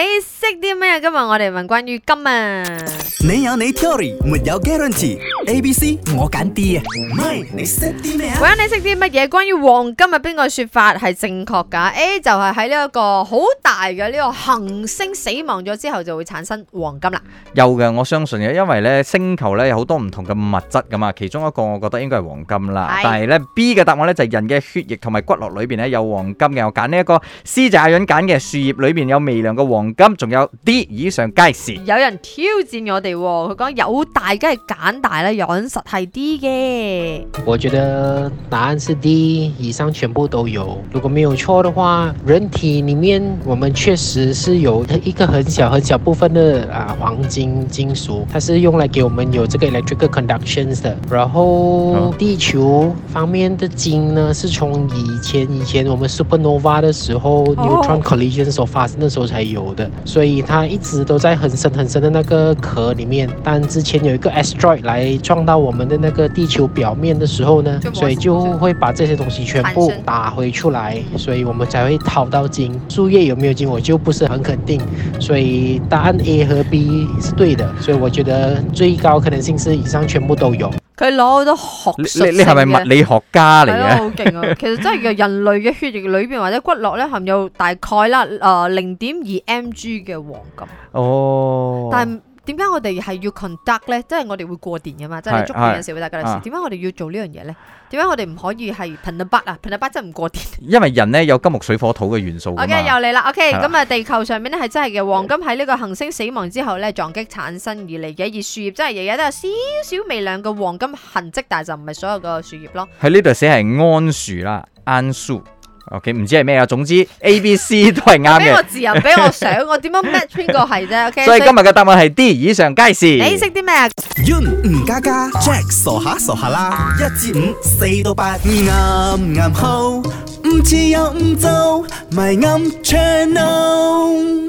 你識啲咩啊？今日我哋問關於金啊。你有你 theory，沒有 guarantee。A、B、C 我揀 D 啊。唔係，你識啲咩啊？阿允，你識啲乜嘢？關於黃金啊，邊個說法係正確噶？A 就係喺呢一個好大嘅呢個行星死亡咗之後就會產生黃金啦。有嘅，我相信嘅，因為咧星球咧有好多唔同嘅物質噶嘛，其中一個我覺得應該係黃金啦。係。但係咧 B 嘅答案咧就係人嘅血液同埋骨骼裏邊咧有黃金嘅，我揀呢一個。C 就阿允揀嘅，樹葉裏面有微量嘅黃。金仲有 D 以上皆是。有人挑戰我哋，佢講有大，梗係揀大啦，有啲實係 D 嘅。我覺得答案是 D 以上全部都有。如果沒有錯的話，人體裏面我們確實是有一個很小很小部分的啊黃金金屬，它是用來給我們有這個 electric conductions 的。然後、嗯、地球方面的金呢，是從以前以前我們 supernova 的時候、oh.，neutron collision 所發生的時候才有。所以它一直都在很深很深的那個殼裏面，但之前有一個 asteroid 來撞到我們的那個地球表面的時候呢，模式模式所以就會把這些東西全部打回出來，所以我們才會淘到金。樹葉有沒有金我就不是很肯定，所以答案 A 和 B 是對的，所以我覺得最高可能性是以上全部都有。佢攞好多學術成物，你係咪物理學家嚟嘅？好勁啊！其實真係人人類嘅血液裏邊或者骨骼咧，含有大概啦誒零點二 mg 嘅黃金。哦，但係。點解我哋係要 conduct 咧？即係我哋會過電噶嘛，是即係你觸電嘅時候會戴隔離。點解是我哋要做呢樣嘢咧？點解我哋唔可以係 pin the back 啊？pin the back 真係唔過電。因為人咧有金木水火土嘅元素。O、okay, K 又嚟啦。O K 咁啊，地球上面咧係真係嘅黃金喺呢個行星死亡之後咧撞擊產生而嚟嘅。而樹葉真係日日都有少少微量嘅黃金痕跡，但係就唔係所有嘅樹葉咯。喺呢度寫係桉樹啦，桉樹。OK，唔知係咩啊，總之 A、B、C 都係啱嘅。俾我字，又俾我想，我點樣 match 邊個係啫？OK。所以，所以今日嘅答案係 D，以上皆是。你識啲咩啊？Un 唔加加 Jack 傻下傻下，傻下啦，一至五，四到八，啱啱好，唔似又唔做，咪啱。channel。